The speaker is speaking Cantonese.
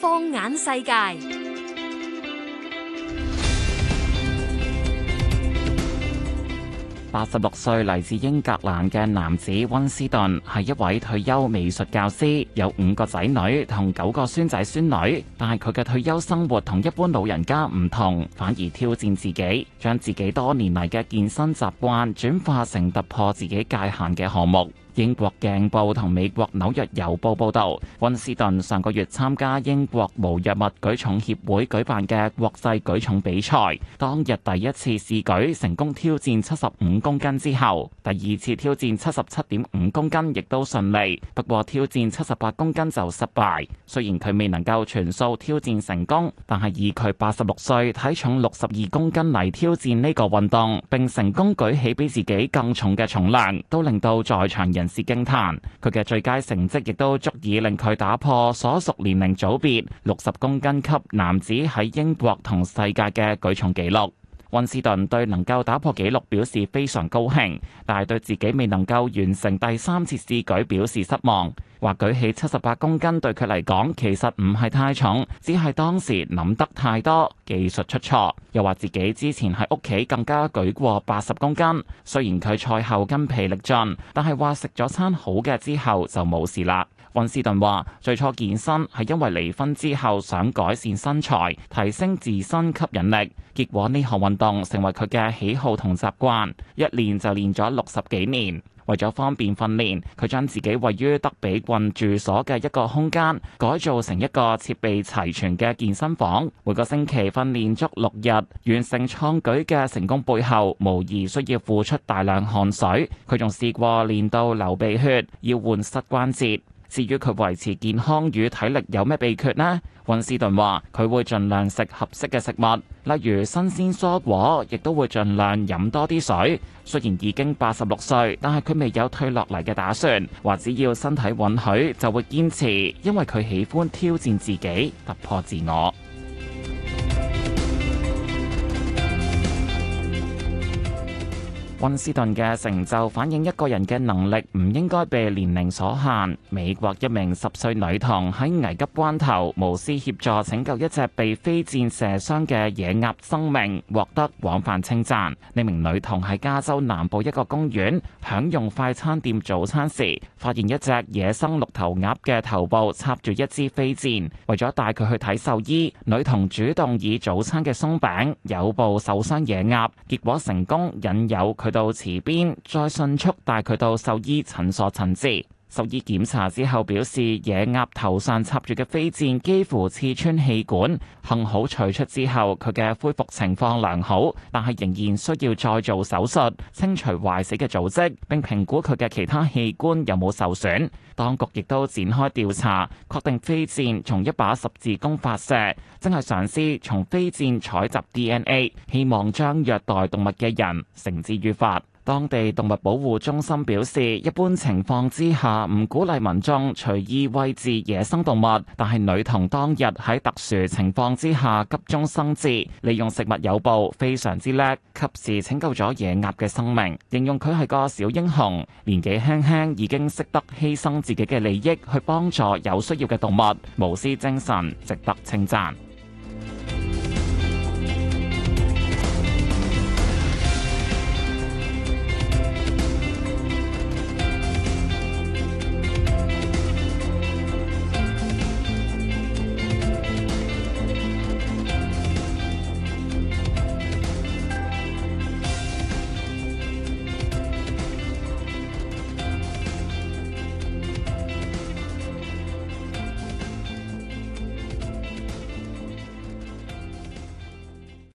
放眼世界，八十六歲嚟自英格蘭嘅男子温斯頓係一位退休美術教師，有五個仔女同九個孫仔孫女。但係佢嘅退休生活同一般老人家唔同，反而挑戰自己，將自己多年嚟嘅健身習慣轉化成突破自己界限嘅項目。英國鏡報同美國紐約郵報報導，温斯頓上個月參加英國無藥物舉重協會舉辦嘅國際舉重比賽，當日第一次試舉成功挑戰七十五公斤之後，第二次挑戰七十七點五公斤亦都順利，不過挑戰七十八公斤就失敗。雖然佢未能夠全數挑戰成功，但係以佢八十六歲體重六十二公斤嚟挑戰呢個運動，並成功舉起比自己更重嘅重量，都令到在場人人士驚嘆，佢嘅最佳成績亦都足以令佢打破所屬年齡組別六十公斤級男子喺英國同世界嘅舉重紀錄。溫斯頓對能夠打破紀錄表示非常高興，但係對自己未能夠完成第三次試舉表示失望，話舉起七十八公斤對佢嚟講其實唔係太重，只係當時諗得太多，技術出錯。又話自己之前喺屋企更加舉過八十公斤，雖然佢賽後筋疲力盡，但係話食咗餐好嘅之後就冇事啦。溫斯頓話：最初健身係因為離婚之後想改善身材，提升自身吸引力。結果呢項運動成為佢嘅喜好同習慣，一練就練咗六十幾年。為咗方便訓練，佢將自己位於德比郡住所嘅一個空間改造成一個設備齊全嘅健身房。每個星期訓練足六日。完成創舉嘅成功背後，無疑需要付出大量汗水。佢仲試過練到流鼻血，要換膝關節。至於佢維持健康與體力有咩秘訣呢？溫斯頓話：佢會盡量食合適嘅食物，例如新鮮蔬果，亦都會盡量飲多啲水。雖然已經八十六歲，但係佢未有退落嚟嘅打算，話只要身體允許就會堅持，因為佢喜歡挑戰自己，突破自我。溫斯頓嘅成就反映一個人嘅能力唔應該被年齡所限。美國一名十歲女童喺危急關頭無私協助拯救一隻被飛箭射傷嘅野鴨生命，獲得廣泛稱讚。呢名女童喺加州南部一個公園享用快餐店早餐時，發現一隻野生綠頭鴨嘅頭部插住一支飛箭。為咗帶佢去睇獸醫，女童主動以早餐嘅鬆餅誘捕受傷野鴨，結果成功引誘佢。到池邊，再迅速帶佢到獸醫診所診治。獸醫檢查之後表示，野鴨頭上插住嘅飛箭幾乎刺穿氣管，幸好取出之後，佢嘅恢復情況良好，但係仍然需要再做手術清除壞死嘅組織，並評估佢嘅其他器官有冇受損。當局亦都展開調查，確定飛箭從一把十字弓發射，真係嘗試從飛箭採集 DNA，希望將虐待動物嘅人繩之於法。當地動物保護中心表示，一般情況之下唔鼓勵民眾隨意餵食野生動物，但係女童當日喺特殊情況之下急中生智，利用食物誘捕非常之叻，及時拯救咗野鴨嘅生命，形容佢係個小英雄，年紀輕輕已經識得犧牲自己嘅利益去幫助有需要嘅動物，無私精神值得稱讚。